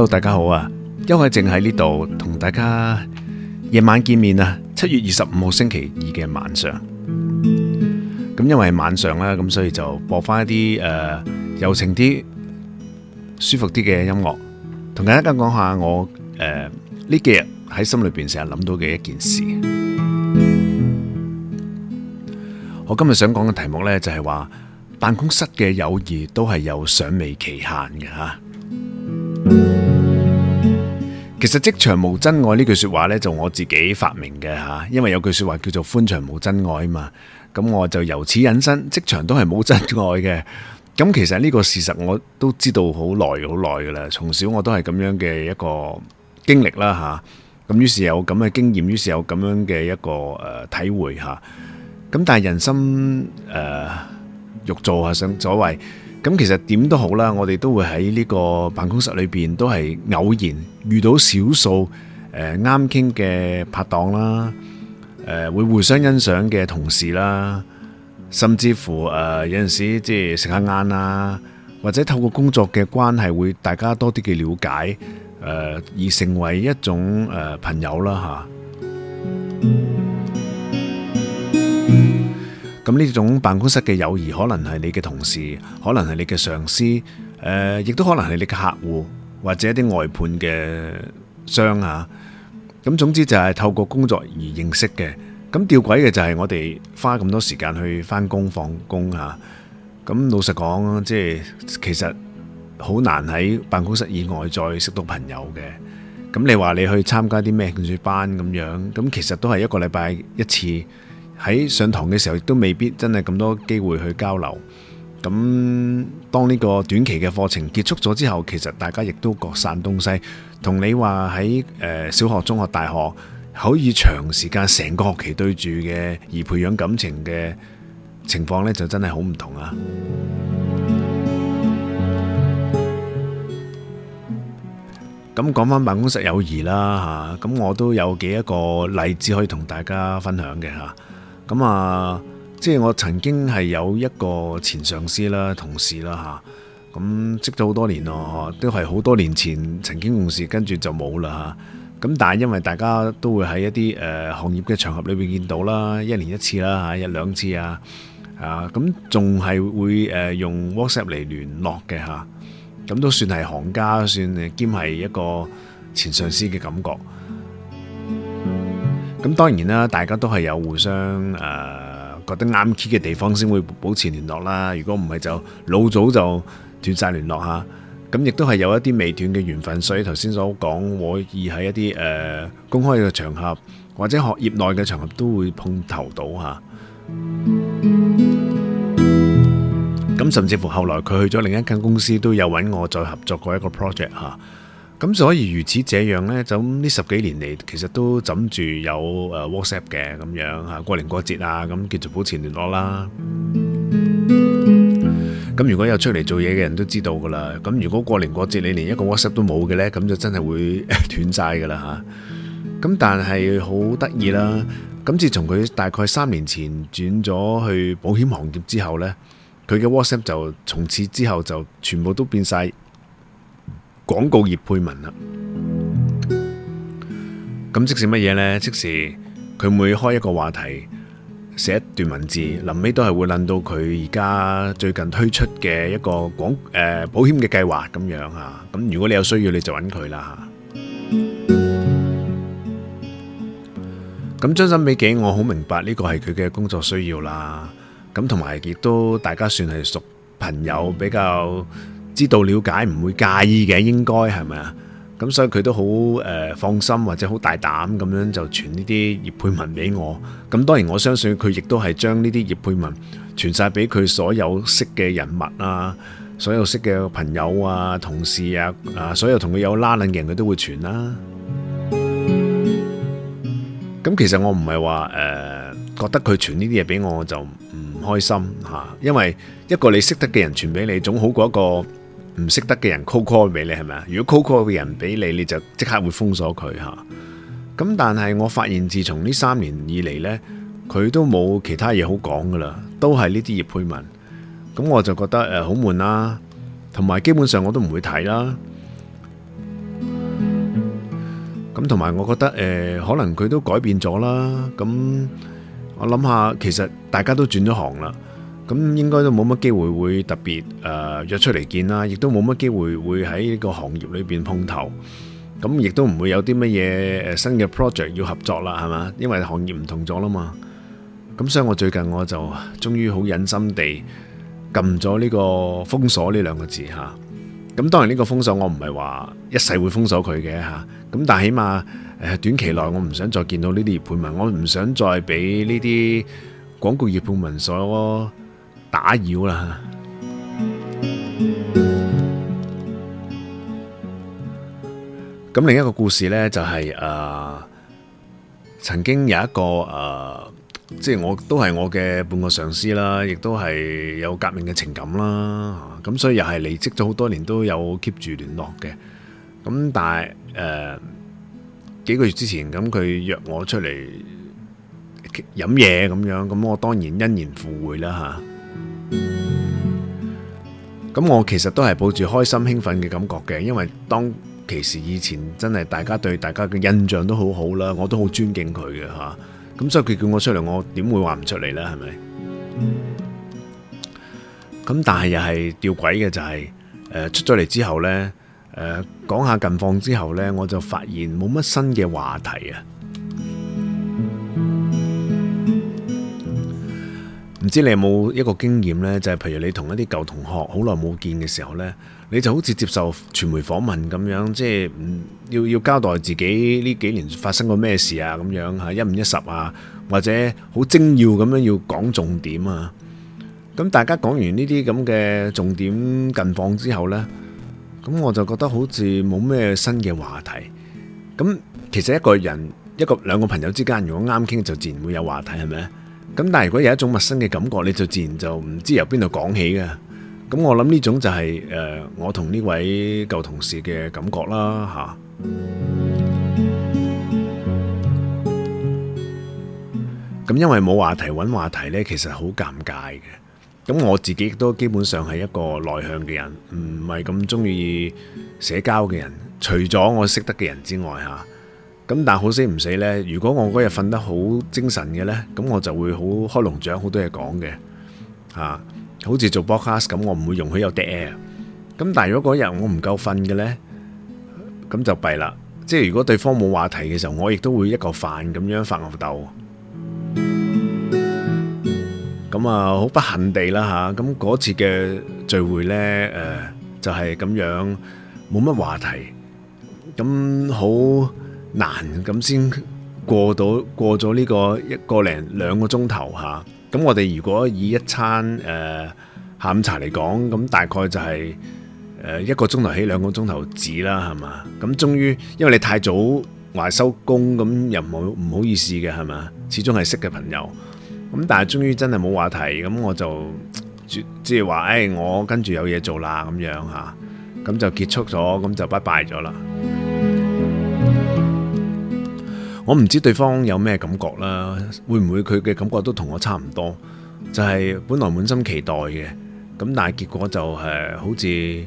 Hello，大家好啊，邱海靖喺呢度同大家夜晚見面啊，七月二十五號星期二嘅晚上。咁因為晚上啦，咁所以就播翻一啲誒，柔、呃、情啲、舒服啲嘅音樂，同大家講下我誒呢、呃、幾日喺心裏邊成日諗到嘅一件事。我今日想講嘅題目呢，就係話辦公室嘅友誼都係有賞味期限嘅吓。其實職場無真愛呢句說話呢，就我自己發明嘅吓，因為有句說話叫做歡場無真愛啊嘛，咁我就由此引申，職場都係冇真愛嘅。咁其實呢個事實我都知道好耐好耐噶啦，從小我都係咁樣嘅一個經歷啦吓，咁於是有咁嘅經驗，於是有咁樣嘅一個誒體會吓。咁但係人心誒、呃、肉做啊想所謂。咁其實點都好啦，我哋都會喺呢個辦公室裏邊都係偶然遇到少數誒啱傾嘅拍檔啦，誒會互相欣賞嘅同事啦，甚至乎誒有陣時即係食下晏啦，或者透過工作嘅關係會大家多啲嘅了解，誒而成為一種誒朋友啦嚇。咁呢種辦公室嘅友誼，可能係你嘅同事，可能係你嘅上司，誒、呃，亦都可能係你嘅客戶或者一啲外判嘅商吓。咁、啊、總之就係透過工作而認識嘅。咁吊詭嘅就係我哋花咁多時間去返工放工吓。咁、啊、老實講，即係其實好難喺辦公室以外再識到朋友嘅。咁你話你去參加啲咩興趣班咁樣，咁其實都係一個禮拜一次。喺上堂嘅時候，亦都未必真係咁多機會去交流。咁當呢個短期嘅課程結束咗之後，其實大家亦都各散東西。同你話喺誒小學、中學、大學可以長時間成個學期對住嘅，而培養感情嘅情況呢，就真係好唔同啊！咁講返辦公室友誼啦，吓咁我都有幾一個例子可以同大家分享嘅吓。咁啊，即係我曾經係有一個前上司啦、同事啦吓，咁、啊、識咗好多年咯、啊，都係好多年前曾經共事，跟住就冇啦吓，咁、啊、但係因為大家都會喺一啲誒、呃、行業嘅場合裏邊見到啦，一年一次啦吓、啊，一兩次啊，啊咁仲係會誒、呃、用 WhatsApp 嚟聯絡嘅吓，咁、啊、都算係行家，算兼係一個前上司嘅感覺。咁當然啦，大家都係有互相誒覺得啱 key 嘅地方，先會保持聯絡啦。如果唔係，就老早就斷晒聯絡嚇。咁亦都係有一啲未斷嘅緣分，所以頭先所講，我以喺一啲誒公開嘅場合，或者學業內嘅場合都會碰頭到嚇。咁甚至乎後來佢去咗另一間公司，都有揾我再合作過一個 project 嚇。咁所以如此這樣呢，就呢十幾年嚟，其實都枕住有誒 WhatsApp 嘅咁樣嚇，過年過節啊，咁叫做保持聯絡啦。咁、嗯、如果有出嚟做嘢嘅人都知道噶啦。咁如果過年過節你連一個 WhatsApp 都冇嘅呢，咁就真係會斷晒噶啦嚇。咁但係好得意啦。咁自從佢大概三年前轉咗去保險行業之後呢，佢嘅 WhatsApp 就從此之後就全部都變晒。廣告業配文啦，咁即使乜嘢呢？即使佢每開一個話題，寫一段文字，臨尾都係會諗到佢而家最近推出嘅一個廣誒保險嘅計劃咁樣吓。咁如果你有需要，你就揾佢啦吓。咁將心比己，我好明白呢個係佢嘅工作需要啦。咁同埋亦都大家算係熟朋友比較。知道，了解，唔會介意嘅，應該係咪啊？咁所以佢都好誒放心，或者好大膽咁樣就傳呢啲業配文俾我。咁當然我相信佢亦都係將呢啲業配文傳曬俾佢所有識嘅人物啊，所有識嘅朋友啊、同事啊、啊所有同佢有拉褦嘅人，佢都會傳啦。咁其實我唔係話誒覺得佢傳呢啲嘢俾我就唔開心吓，因為一個你識得嘅人傳俾你，總好過一個唔識得嘅人 call call 俾你係咪啊？如果 call call 嘅人俾你，你就即刻會封鎖佢吓。咁但係我發現自從呢三年以嚟呢，佢都冇其他嘢好講噶啦，都係呢啲業配文。咁我就覺得誒好，呃，悶啦，同埋基本上我都唔會睇啦。咁同埋我覺得誒、呃，可能佢都改變咗啦。咁我諗下，其實大家都轉咗行啦。咁應該都冇乜機會會特別誒約出嚟見啦，亦都冇乜機會會喺呢個行業裏邊碰頭。咁亦都唔會有啲乜嘢誒新嘅 project 要合作啦，係嘛？因為行業唔同咗啦嘛。咁所以我最近我就終於好忍心地撳咗呢個封鎖呢兩個字嚇。咁當然呢個封鎖我唔係話一世會封鎖佢嘅嚇。咁但係起碼誒短期內我唔想再見到呢啲業配文，我唔想再俾呢啲廣告業配文所打擾啦！咁另一個故事呢，就係誒，曾經有一個誒，即係我都係我嘅半個上司啦，亦都係有革命嘅情感啦，咁所以又係離職咗好多年，都有 keep 住聯絡嘅。咁但係誒，幾個月之前咁，佢約我出嚟飲嘢咁樣，咁我當然欣然赴會啦吓。咁我其實都係抱住開心興奮嘅感覺嘅，因為當其時以前真係大家對大家嘅印象都好好啦，我都好尊敬佢嘅吓。咁、啊、所以佢叫我出嚟，我點會話唔出嚟呢？係咪？咁但係又係吊詭嘅就係、是呃，出咗嚟之後呢，誒、呃、講下近況之後呢，我就發現冇乜新嘅話題啊。唔知你有冇一個經驗呢？就係譬如你同一啲舊同學好耐冇見嘅時候呢，你就好似接受傳媒訪問咁樣，即係要要交代自己呢幾年發生過咩事啊，咁樣吓一五一十啊，或者好精要咁樣要講重點啊。咁大家講完呢啲咁嘅重點近況之後呢，咁我就覺得好似冇咩新嘅話題。咁其實一個人一個兩個朋友之間，如果啱傾就自然會有話題，係咪？咁但係如果有一種陌生嘅感覺，你就自然就唔知由邊度講起嘅。咁我諗呢種就係誒我同呢位舊同事嘅感覺啦，嚇。咁因為冇話題揾話題呢，其實好尷尬嘅。咁我自己都基本上係一個內向嘅人，唔係咁中意社交嘅人。除咗我識得嘅人之外，嚇。咁但係好死唔死呢？如果我嗰日瞓得好精神嘅呢，咁我就會好開龍掌，好多嘢講嘅吓。好似做 broadcast 咁，我唔會容許有 dead air。咁但係如果嗰日我唔夠瞓嘅呢，咁就弊啦。即係如果對方冇話題嘅時候，我亦都會一個飯咁樣發吽斗。咁啊、嗯，好不幸地啦吓。咁、啊、嗰次嘅聚會呢，誒、呃，就係、是、咁樣冇乜話題，咁好。難咁先過到，過咗呢個一個零兩個鐘頭吓。咁我哋如果以一餐誒、呃、下午茶嚟講，咁大概就係誒一個鐘頭起兩個鐘頭止啦，係嘛？咁終於因為你太早話收工，咁又唔好唔好意思嘅係嘛？始終係識嘅朋友，咁但係終於真係冇話題，咁我就即係話誒，我跟住有嘢做啦咁樣吓。咁、啊、就結束咗，咁就拜拜咗啦。我唔知對方有咩感覺啦，會唔會佢嘅感覺都同我差唔多？就係本來滿心期待嘅，咁但係結果就係好似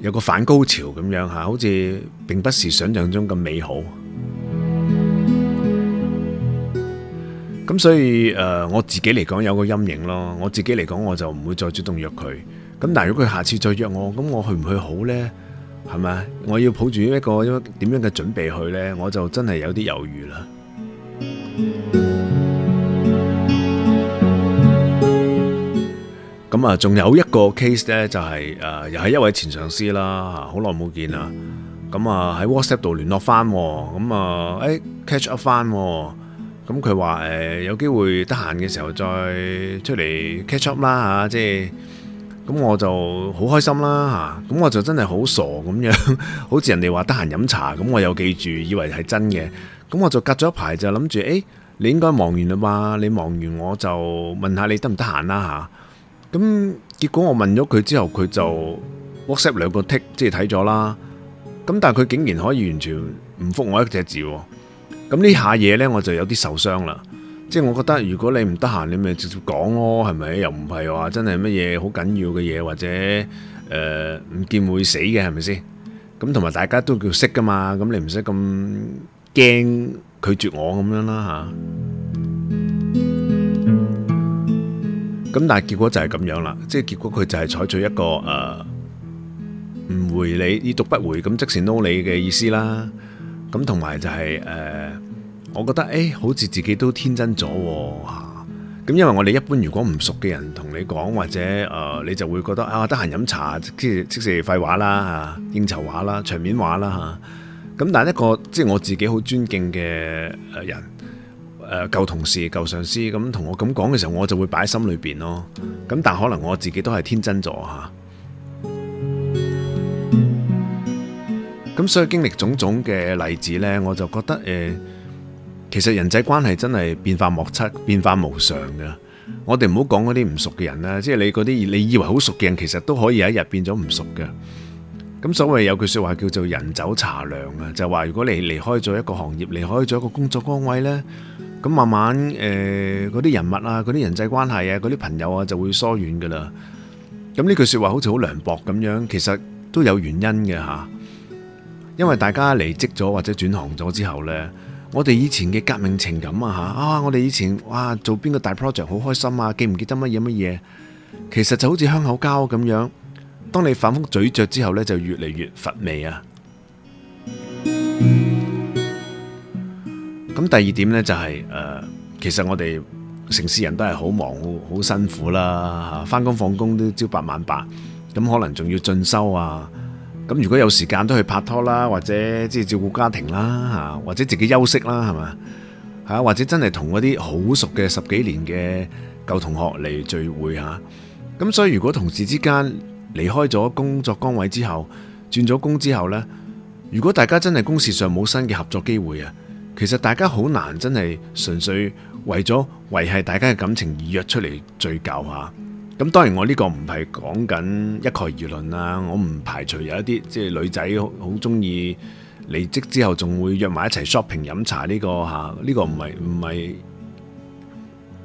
有個反高潮咁樣吓，好似並不是想像中咁美好。咁所以誒，我自己嚟講有個陰影咯。我自己嚟講我就唔會再主動約佢。咁但如果佢下次再約我，咁我去唔去好呢？係咪啊？我要抱住一個點樣嘅準備去呢，我就真係有啲猶豫啦。咁啊，仲有一個 case 呢，就係誒，又係一位前上司啦，吓好耐冇見啦。咁啊喺 WhatsApp 度聯絡翻，咁啊誒 catch up 翻。咁佢話誒有機會得閒嘅時候再出嚟 catch up 啦，吓即係。咁我就好開心啦嚇，咁我就真係好傻咁樣，好似人哋話得閒飲茶，咁我又記住以為係真嘅，咁我就隔咗一排就諗住，誒、欸、你應該忙完啦嘛，你忙完我就問下你得唔得閒啦嚇，咁結果我問咗佢之後，佢就 WhatsApp 兩個 tick 即係睇咗啦，咁但佢竟然可以完全唔覆我一隻字喎，咁呢下嘢呢，我就有啲受傷啦。即係我覺得，如果你唔得閒，你咪直接講咯，係咪？又唔係話真係乜嘢好緊要嘅嘢，或者誒唔、呃、見會死嘅，係咪先？咁同埋大家都叫識㗎嘛，咁你唔使咁驚拒絕我咁樣啦吓，咁、啊、但係結果就係咁樣啦，即係結果佢就係採取一個誒唔、呃、回你，已讀不回，咁即時 no 你嘅意思啦。咁同埋就係、是、誒。呃我覺得誒、欸，好似自己都天真咗吓、啊，咁、啊、因為我哋一般如果唔熟嘅人同你講，或者誒、呃，你就會覺得啊，得閒飲茶，即係即係廢話啦吓，應酬話啦，場面話啦吓，咁、啊、但係一個即係我自己好尊敬嘅誒人誒，舊、啊、同事、舊上司咁同、啊、我咁講嘅時候，我就會擺喺心裏邊咯。咁、啊、但可能我自己都係天真咗吓。咁、啊、所以經歷種種嘅例子呢，我就覺得誒。呃其實人際關係真係變化莫測、變化無常噶。我哋唔好講嗰啲唔熟嘅人啦，即係你嗰啲你以為好熟嘅人，其實都可以有一日變咗唔熟噶。咁所謂有句說話叫做人走茶涼啊，就話、是、如果你離開咗一個行業，離開咗一個工作崗位呢，咁慢慢誒嗰啲人物啊、嗰啲人際關係啊、嗰啲朋友啊就會疏遠噶啦。咁呢句說話好似好涼薄咁樣，其實都有原因嘅吓，因為大家離職咗或者轉行咗之後呢。我哋以前嘅革命情感啊吓啊，我哋以前哇做邊個大 project 好開心啊，記唔記得乜嘢乜嘢？其實就好似香口膠咁樣，當你反覆咀嚼之後呢，就越嚟越乏味啊。咁、嗯、第二點呢，就係、是、誒、呃，其實我哋城市人都係好忙，好好辛苦啦，吓返工放工都朝八晚八，咁可能仲要進修啊。咁如果有時間都去拍拖啦，或者即照顧家庭啦，吓或者自己休息啦，係嘛？吓或者真係同嗰啲好熟嘅十幾年嘅舊同學嚟聚會吓。咁所以如果同事之間離開咗工作崗位之後，轉咗工之後呢，如果大家真係公事上冇新嘅合作機會啊，其實大家好難真係純粹為咗維繫大家嘅感情而約出嚟聚舊下。咁當然我呢個唔係講緊一概而論啊，我唔排除有一啲即係女仔好中意離職之後仲會約埋一齊 shopping 飲茶呢個吓，呢個唔係唔係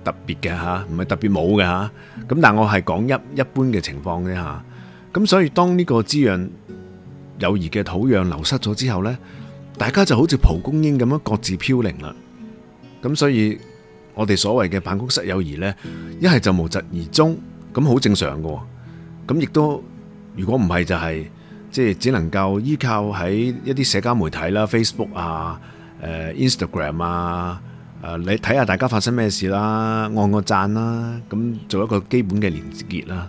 特別嘅吓，唔係特別冇嘅吓。咁但係我係講一一般嘅情況嘅吓。咁所以當呢個滋養友誼嘅土壤流失咗之後呢，大家就好似蒲公英咁樣各自飄零啦。咁所以我哋所謂嘅辦公室友誼呢，一係就無疾而終。咁好正常嘅，咁亦都如果唔係就係、是、即係只能夠依靠喺一啲社交媒體啦，Facebook 啊，誒 Instagram 啊，誒你睇下大家發生咩事啦，按個讚啦，咁、啊、做一個基本嘅連結啦。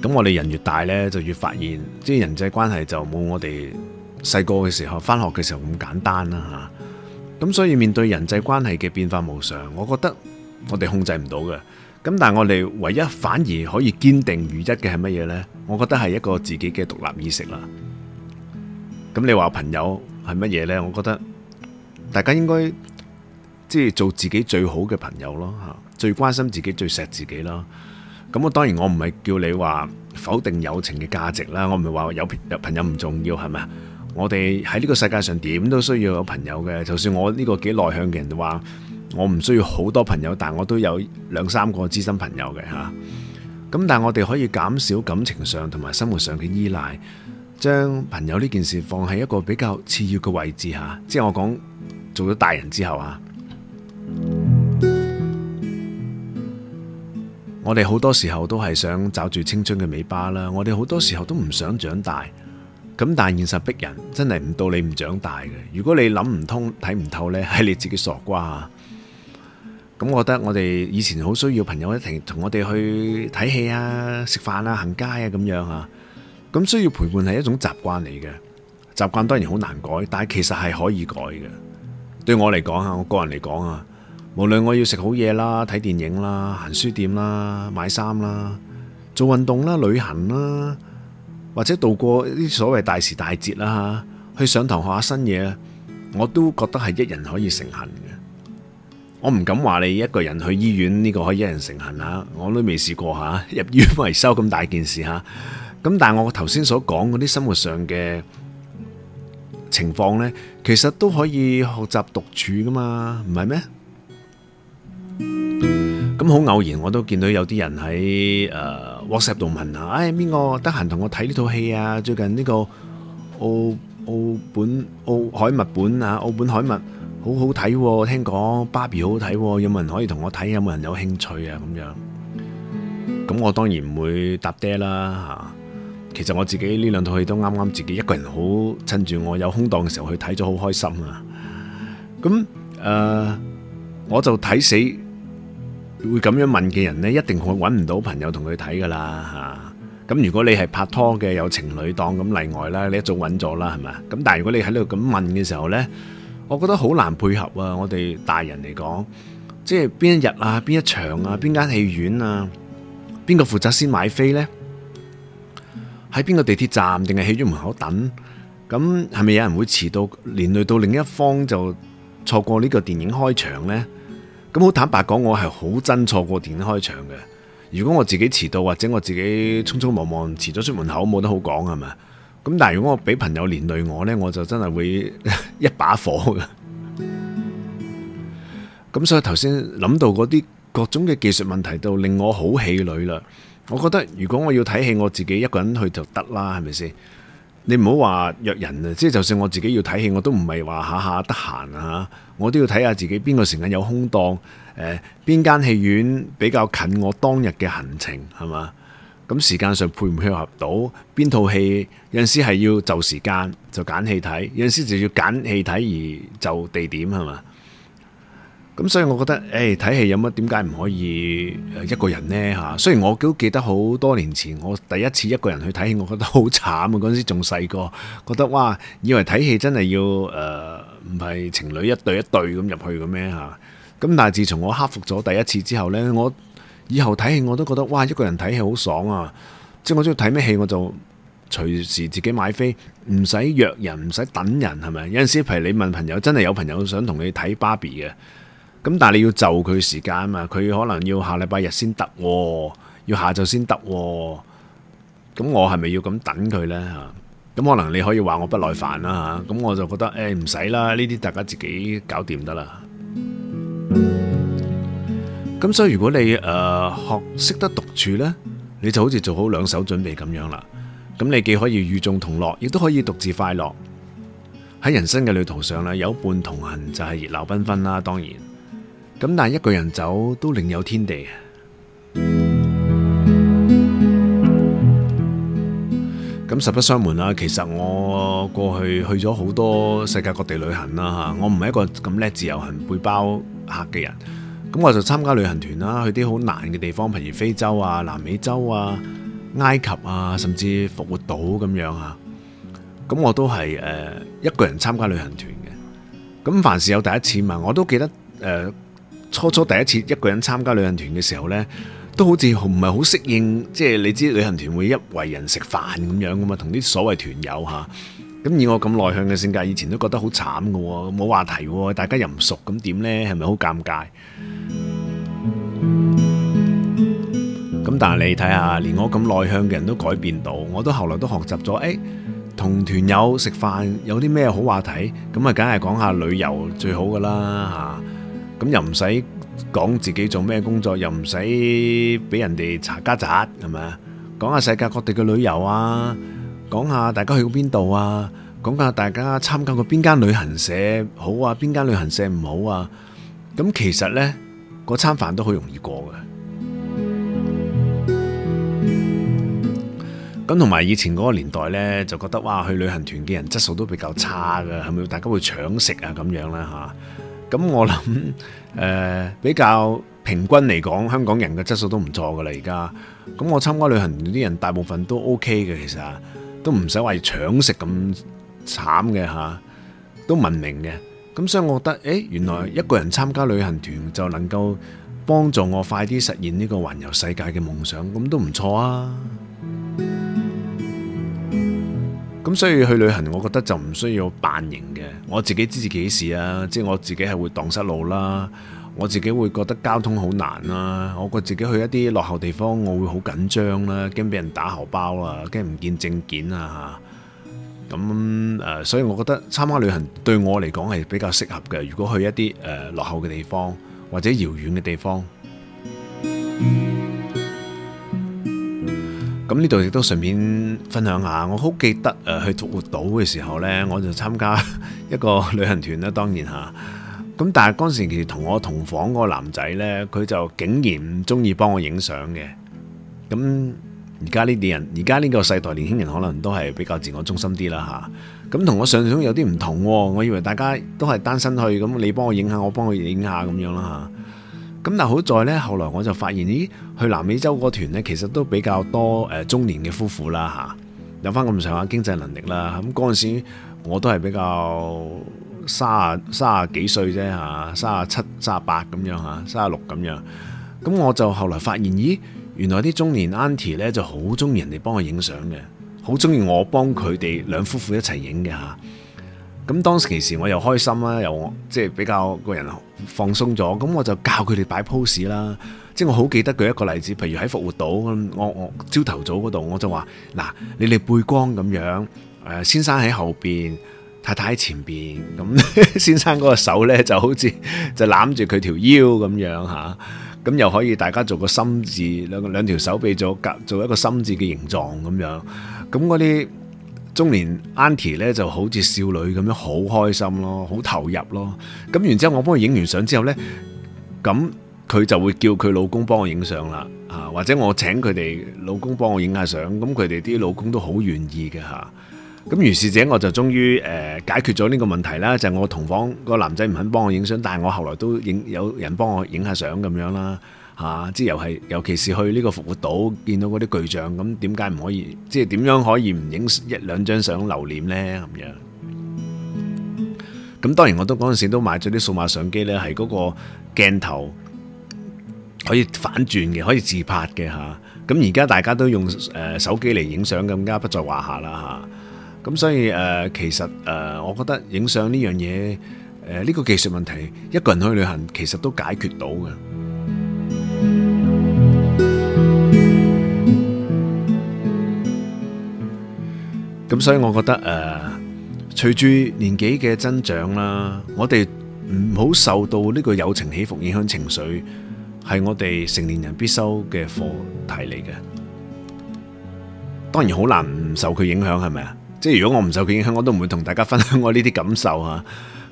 咁、嗯、我哋人越大呢，就越發現即係人際關係就冇我哋細個嘅時候返學嘅時候咁簡單啦吓。啊咁所以面對人際關係嘅變化無常，我覺得我哋控制唔到嘅。咁但係我哋唯一反而可以堅定如一嘅係乜嘢呢？我覺得係一個自己嘅獨立意識啦。咁你話朋友係乜嘢呢？我覺得大家應該即係、就是、做自己最好嘅朋友咯，吓，最關心自己最錫自己啦。咁我當然我唔係叫你話否定友情嘅價值啦，我唔係話有朋友唔重要係咪？我哋喺呢個世界上點都需要有朋友嘅，就算我呢個幾內向嘅人，就話我唔需要好多朋友，但我都有兩三個知心朋友嘅吓。咁但係我哋可以減少感情上同埋生活上嘅依賴，將朋友呢件事放喺一個比較次要嘅位置吓。即係我講做咗大人之後啊，我哋好多時候都係想找住青春嘅尾巴啦。我哋好多時候都唔想長大。咁但係現實逼人，真係唔到你唔長大嘅。如果你諗唔通，睇唔透咧，係你自己傻瓜啊！咁我覺得我哋以前好需要朋友一齊同我哋去睇戲啊、食飯啊、行街啊咁樣啊。咁需要陪伴係一種習慣嚟嘅，習慣當然好難改，但係其實係可以改嘅。對我嚟講啊，我個人嚟講啊，無論我要食好嘢啦、睇電影啦、行書店啦、買衫啦、做運動啦、旅行啦。或者度過啲所謂大時大節啦，去上堂學下新嘢，我都覺得係一人可以成行嘅。我唔敢話你一個人去醫院呢個可以一人成行啊，我都未試過吓，入院維修咁大件事吓。咁但係我頭先所講嗰啲生活上嘅情況呢，其實都可以學習獨處噶嘛，唔係咩？咁好偶然，我都見到有啲人喺誒，呃 WhatsApp 度問啊，誒，邊個得閒同我睇呢套戲啊？最近呢個澳澳本澳海物本啊，澳本海物好好睇，聽講芭比好，啊，好睇，啊，有冇人可以同我睇？有冇人有興趣啊？咁樣，咁我當然唔會答爹啦，啊。其實我自己呢兩套戲都啱啱自己一個人好，趁住，我有空檔嘅時候去睇咗，好開心啊！咁誒、呃，我就睇死。會咁樣問嘅人呢，一定會揾唔到朋友同佢睇噶啦嚇。咁如果你係拍拖嘅，有情侶檔咁例外啦，你一早揾咗啦，係咪？咁但係如果你喺度咁問嘅時候呢，我覺得好難配合啊！我哋大人嚟講，即係邊一日啊，邊一場啊，邊間戲院啊，邊個負責先買飛呢？喺邊個地鐵站定係戲院門口等？咁係咪有人會遲到，連累到另一方就錯過呢個電影開場呢？咁好坦白講，我係好憎錯過電影開場嘅。如果我自己遲到或者我自己匆匆忙忙遲咗出門口，冇得好講係咪？咁但係如果我俾朋友連累我呢，我就真係會 一把火。咁所以頭先諗到嗰啲各種嘅技術問題都令我好氣餒啦。我覺得如果我要睇戲，我自己一個人去就得啦，係咪先？你唔好話約人啊！即係就算我自己要睇戲，我都唔係話下下得閒啊！我都要睇下自己邊個時間有空檔，誒邊間戲院比較近我當日嘅行程係嘛？咁時間上配唔配合到邊套戲？有陣時係要就時間就揀戲睇，有陣時就要揀戲睇而就地點係嘛？咁所以我覺得，誒睇戲有乜點解唔可以誒一個人呢嚇？雖然我都記得好多年前我第一次一個人去睇戲，我覺得好慘啊！嗰陣時仲細個，覺得哇，以為睇戲真係要誒唔係情侶一對一對咁入去嘅咩嚇？咁但係自從我克服咗第一次之後呢，我以後睇戲我都覺得哇，一個人睇戲好爽啊！即係我中意睇咩戲我就隨時自己買飛，唔使約人，唔使等人係咪？有陣時譬如你問朋友，真係有朋友想同你睇芭比嘅。咁但係你要就佢時間啊嘛，佢可能要下禮拜日先得，要下晝先得。咁我係咪要咁等佢呢？嚇，咁可能你可以話我不耐煩啦嚇。咁我就覺得誒唔使啦，呢啲大家自己搞掂得啦。咁所以如果你誒、呃、學識得獨處呢，你就好似做好兩手準備咁樣啦。咁你既可以與眾同樂，亦都可以獨自快樂。喺人生嘅旅途上呢，有伴同行就係熱鬧繽紛啦。當然。咁但係一個人走都另有天地啊！咁實不相瞞啦，其實我過去去咗好多世界各地旅行啦吓，我唔係一個咁叻自由行背包客嘅人，咁我就參加旅行團啦，去啲好難嘅地方，譬如非洲啊、南美洲啊、埃及啊，甚至復活島咁樣啊。咁我都係誒一個人參加旅行團嘅，咁凡事有第一次嘛，我都記得誒。呃初初第一次一個人參加旅行團嘅時候呢，都好似唔係好適應，即係你知旅行團會一圍人食飯咁樣噶嘛，同啲所謂團友吓。咁以我咁內向嘅性格，以前都覺得好慘嘅，冇話題，大家又唔熟，咁點呢？係咪好尷尬？咁但係你睇下，連我咁內向嘅人都改變到，我都後來都學習咗，誒，同團友食飯有啲咩好話題？咁啊，梗係講下旅遊最好噶啦嚇。咁又唔使講自己做咩工作，又唔使俾人哋查家宅。係咪啊？講下世界各地嘅旅遊啊，講下大家去過邊度啊，講下大家參加過邊間旅行社好啊，邊間旅行社唔好啊。咁其實呢，嗰餐飯都好容易過嘅。咁同埋以前嗰個年代呢，就覺得哇，去旅行團嘅人質素都比較差噶，係咪？大家會搶食啊，咁樣啦吓。咁我諗，誒，比較平均嚟講，香港人嘅質素都唔錯㗎喇，而家。咁我參加旅行啲人大部分都 OK 嘅，其實，都唔使話搶食咁慘嘅吓，都文明嘅。咁所以我覺得，誒，原來一個人參加旅行團就能夠幫助我快啲實現呢個環遊世界嘅夢想，咁都唔錯啊。咁所以去旅行，我覺得就唔需要扮型嘅。我自己知自己事啊，即係我自己係會蕩失路啦，啊，我自己會覺得交通好難啦，啊，我覺得自己去一啲落後地方，我會好緊張啦，驚俾人打荷包啊，驚唔見證件啊，咁，誒，所以我覺得參加旅行對我嚟講係比較適合嘅。如果去一啲誒落後嘅地方或者遙遠嘅地方。咁呢度亦都順便分享下，我好記得誒去復活島嘅時候呢，我就參加一個旅行團啦。當然嚇，咁但係嗰時其實同我同房嗰個男仔呢，佢就竟然唔中意幫我影相嘅。咁而家呢啲人，而家呢個世代年輕人可能都係比較自我中心啲啦嚇。咁同我想像中有啲唔同喎，我以為大家都係單身去，咁你幫我影下，我幫佢影下咁樣啦嚇。咁但係好在呢，後來我就發現，咦，去南美洲個團咧，其實都比較多誒、呃、中年嘅夫婦啦嚇、啊，有翻咁上下經濟能力啦。咁嗰陣時我都係比較三啊三啊幾歲啫嚇、啊，三啊七、三啊八咁樣嚇，三啊六咁樣。咁我就後來發現，咦，原來啲中年 auntie 咧就好中意人哋幫我影相嘅，好中意我幫佢哋兩夫婦一齊影嘅嚇。啊咁當時其實我又開心啦，又即係比較個人放鬆咗，咁我就教佢哋擺 pose 啦。即係我好記得舉一個例子，譬如喺復活島，我我朝頭早嗰度，我，我就話：嗱，你哋背光咁樣，誒先生喺後邊，太太喺前邊，咁先生嗰個手咧就好似就攬住佢條腰咁樣嚇，咁又可以大家做個心字，兩兩條手臂做做一個心字嘅形狀咁樣，咁嗰啲。中年 aunty 咧就好似少女咁樣，好開心咯，好投入咯。咁然之後我幫佢影完相之後呢，咁佢就會叫佢老公幫我影相啦，或者我請佢哋老公幫我影下相。咁佢哋啲老公都好願意嘅吓。咁於是者，我就終於解決咗呢個問題啦，就係我同房個男仔唔肯幫我影相，但係我後來都影有人幫我影下相咁樣啦。啊！即係又係，尤其是去呢個復活島見到嗰啲巨像，咁點解唔可以？即係點樣可以唔影一兩張相留念呢？咁樣咁，當然我都嗰陣時都買咗啲數碼相機呢，係嗰個鏡頭可以反轉嘅，可以自拍嘅吓。咁而家大家都用誒手機嚟影相，更加不在話下啦吓。咁所以誒，其實誒，我覺得影相呢樣嘢誒，呢個技術問題，一個人去旅行其實都解決到嘅。咁所以我覺得誒，隨住年紀嘅增長啦，我哋唔好受到呢個友情起伏影響情緒，係我哋成年人必修嘅課題嚟嘅。當然好難唔受佢影響，係咪啊？即係如果我唔受佢影響，我都唔會同大家分享我呢啲感受吓。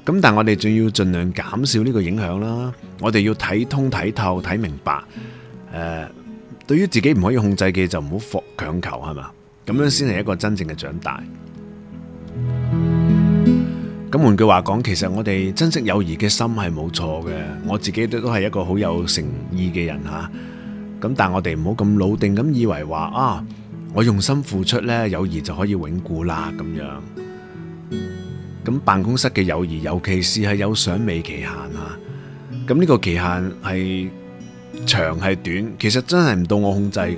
咁但係我哋仲要盡量減少呢個影響啦。我哋要睇通、睇透、睇明白。誒，對於自己唔可以控制嘅，就唔好強求，係嘛？咁樣先係一個真正嘅長大。咁換句話講，其實我哋珍惜友誼嘅心係冇錯嘅，我自己都都係一個好有誠意嘅人吓。咁但係我哋唔好咁老定咁以為話啊，我用心付出呢，友誼就可以永固啦咁樣。咁辦公室嘅友誼，尤其是係有賞味期限吓。咁、這、呢個期限係長係短，其實真係唔到我控制嘅。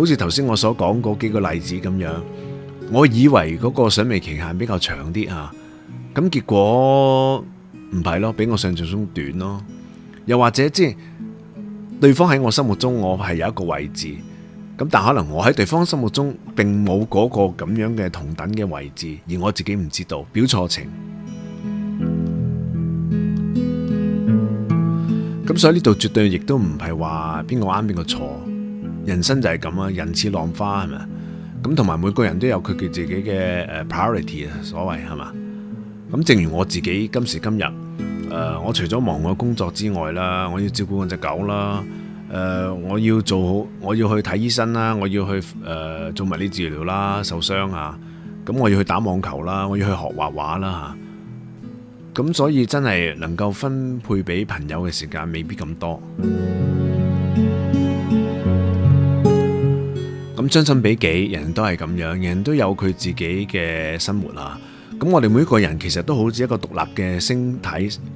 好似頭先我所講嗰幾個例子咁樣，我以為嗰個賞味期限比較長啲吓，咁結果唔係咯，比我想象中短咯。又或者即係對方喺我心目中我係有一個位置，咁但可能我喺對方心目中並冇嗰個咁樣嘅同等嘅位置，而我自己唔知道表錯情。咁所以呢度絕對亦都唔係話邊個啱邊個錯。人生就係咁啊，人似浪花係咪啊？咁同埋每個人都有佢佢自己嘅誒 priority 啊，所謂係嘛？咁正如我自己今時今日，誒、呃、我除咗忙我工作之外啦，我要照顧我隻狗啦，誒、呃、我要做好，我要去睇醫生啦，我要去誒、呃、做物理治療啦，受傷啊，咁我要去打網球啦，我要去學畫畫啦嚇。咁、啊、所以真係能夠分配俾朋友嘅時間未必咁多。將身比己，人都係咁樣，人都有佢自己嘅生活啦。咁我哋每一個人其實都好似一個獨立嘅星體、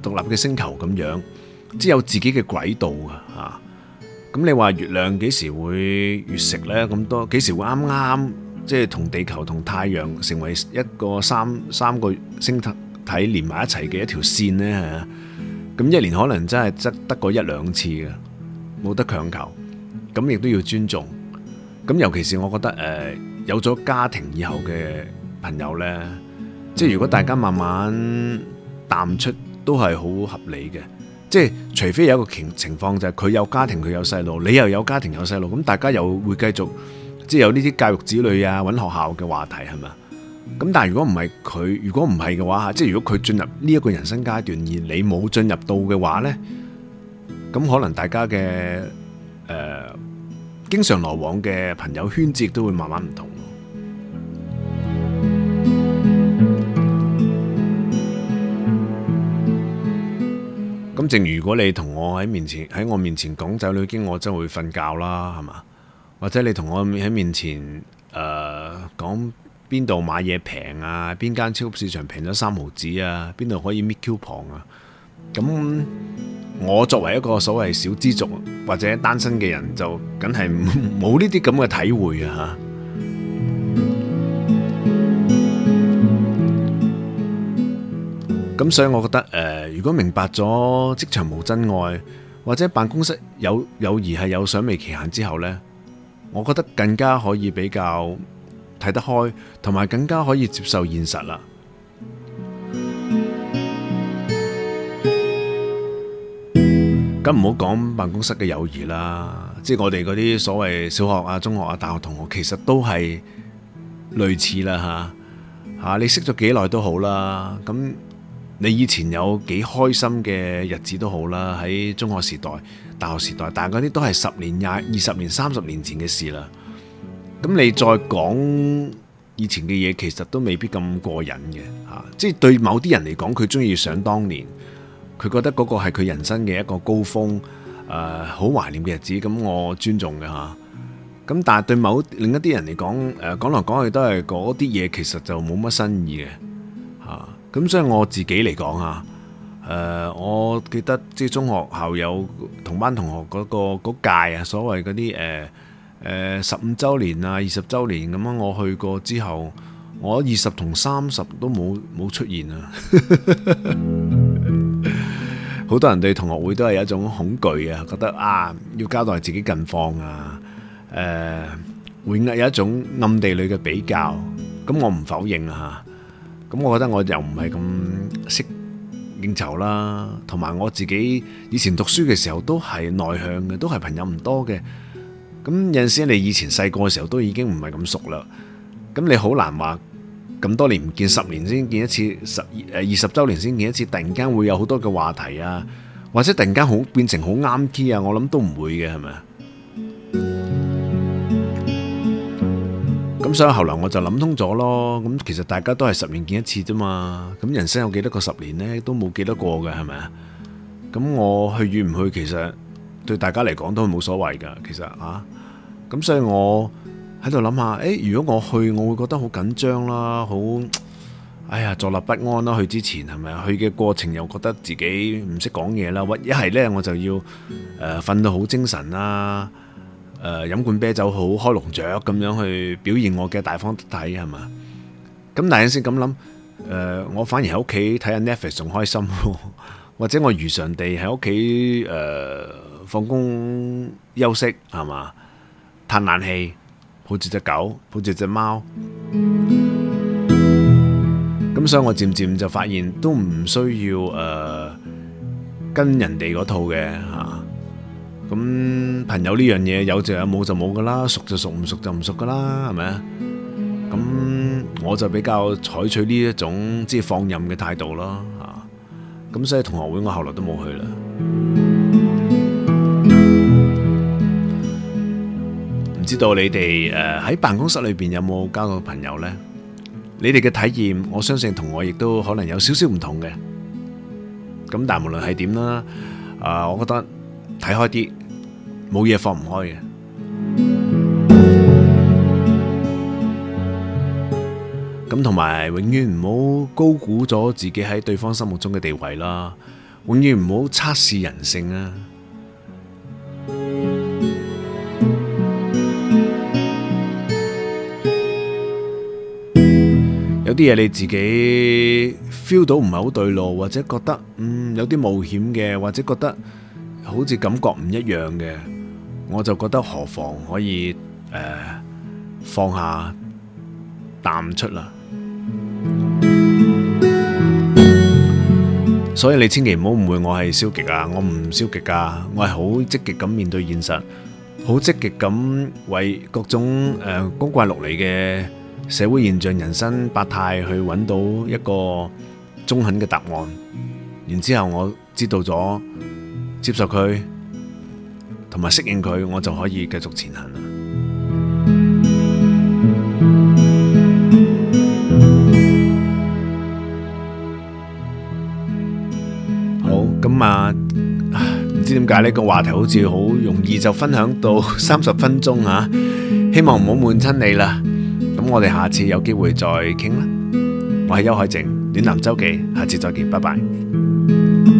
獨立嘅星球咁樣，即係有自己嘅軌道啊。咁你話月亮幾時會月食咧？咁多幾時會啱啱即係同地球同太陽成為一個三三個星體連埋一齊嘅一條線咧？吓，咁一年可能真係得得過一兩次嘅，冇得強求，咁亦都要尊重。咁尤其是我覺得誒、呃、有咗家庭以後嘅朋友呢，即係如果大家慢慢淡出都係好合理嘅，即係除非有一個情情況就係、是、佢有家庭佢有細路，你又有家庭有細路，咁大家又會繼續即係有呢啲教育子女啊、揾學校嘅話題係咪？咁但係如果唔係佢，如果唔係嘅話即係如果佢進入呢一個人生階段而你冇進入到嘅話呢，咁可能大家嘅。經常來往嘅朋友圈子都會慢慢唔同。咁，正如果你同我喺面前喺我面前講仔女經，我真會瞓覺啦，係嘛？或者你同我喺面前誒、呃、講邊度買嘢平啊，邊間超級市場平咗三毫子啊，邊度可以搣 coupon 啊？咁。我作為一個所謂小資族或者單身嘅人，就梗係冇呢啲咁嘅體會啊。咁所以我覺得，誒、呃，如果明白咗職場無真愛或者辦公室友友誼係有賞味期限之後呢，我覺得更加可以比較睇得開，同埋更加可以接受現實啦。咁唔好講辦公室嘅友誼啦，即係我哋嗰啲所謂小學啊、中學啊、大學同學，其實都係類似啦，吓吓你識咗幾耐都好啦。咁你以前有幾開心嘅日子都好啦，喺中學時代、大學時代，但係嗰啲都係十年、廿、二十年、三十年前嘅事啦。咁你再講以前嘅嘢，其實都未必咁過癮嘅，吓，即係對某啲人嚟講，佢中意想當年。佢覺得嗰個係佢人生嘅一個高峰，誒好懷念嘅日子。咁我尊重嘅嚇。咁但係對某另一啲人嚟講，誒講嚟講去都係嗰啲嘢，其實就冇乜新意嘅嚇。咁、啊、所以我自己嚟講啊，誒、呃，我記得即係、就是、中學校有同班同學嗰、那個嗰屆啊，所謂嗰啲誒誒十五週年啊、二十週年咁樣，我去過之後，我二十同三十都冇冇出現啊。 好多人對同學會都係有一種恐懼啊，覺得啊要交代自己近況啊，誒、呃、會有一種暗地裏嘅比較，咁我唔否認啊。咁我覺得我又唔係咁識應酬啦，同埋我自己以前讀書嘅時候都係內向嘅，都係朋友唔多嘅，咁有陣時你以前細個嘅時候都已經唔係咁熟啦，咁你好難話。咁多年唔見，十年先見一次，十誒二十週年先見一次，突然間會有好多嘅話題啊，或者突然間好變成好啱 key 啊，我諗都唔會嘅，係咪啊？咁所以後來我就諗通咗咯。咁其實大家都係十年見一次啫嘛。咁人生有幾多個十年呢？都冇幾多個嘅，係咪啊？咁我去與唔去，其實對大家嚟講都係冇所謂㗎。其實啊，咁所以我，喺度諗下，誒如果我去，我會覺得好緊張啦，好，哎呀坐立不安啦。去之前係咪？去嘅過程又覺得自己唔識講嘢啦，或一係呢我就要誒瞓到好精神啦，誒飲罐啤酒好開籠雀咁樣去表現我嘅大方得體，係嘛？咁但係先咁諗，誒我反而喺屋企睇下 Netflix 仲開心，或者我如常地喺屋企誒放工休息，係嘛？嘆冷氣。抱住隻狗，抱住隻貓，咁所以我漸漸就發現都唔需要誒、呃、跟人哋嗰套嘅嚇。咁、啊、朋友呢樣嘢有就有，冇就冇噶啦，熟就熟，唔熟就唔熟噶啦，係咪啊？咁我就比較採取呢一種即係、就是、放任嘅態度咯嚇。咁、啊、所以同學會我後來都冇去啦。唔知道你哋誒，喺辦公室裏邊有冇交過朋友呢？你哋嘅體驗，我相信同我亦都可能有少少唔同嘅。咁但係無論係點啦，啊，我覺得睇開啲，冇嘢放唔開嘅。咁同埋永遠唔好高估咗自己喺對方心目中嘅地位啦。永遠唔好測試人性啊！啲嘢，你自己 feel 到唔係好對路，或者覺得嗯有啲冒險嘅，或者覺得好似感覺唔一樣嘅，我就覺得何妨可以誒放下淡出啦。所以你千祈唔好誤會我係消極啊，我唔消極噶，我係好積極咁面對現實，好積極咁為各種誒功掛落嚟嘅。社會現象、人生百態，去揾到一個中肯嘅答案。然之後我知道咗，接受佢，同埋適應佢，我就可以繼續前行啦。嗯、好，咁啊，唔知點解呢個話題好似好容易就分享到三十分鐘啊！希望唔好悶親你啦。我哋下次有機會再傾啦，我係邱海靖，暖男周記，下次再見，拜拜。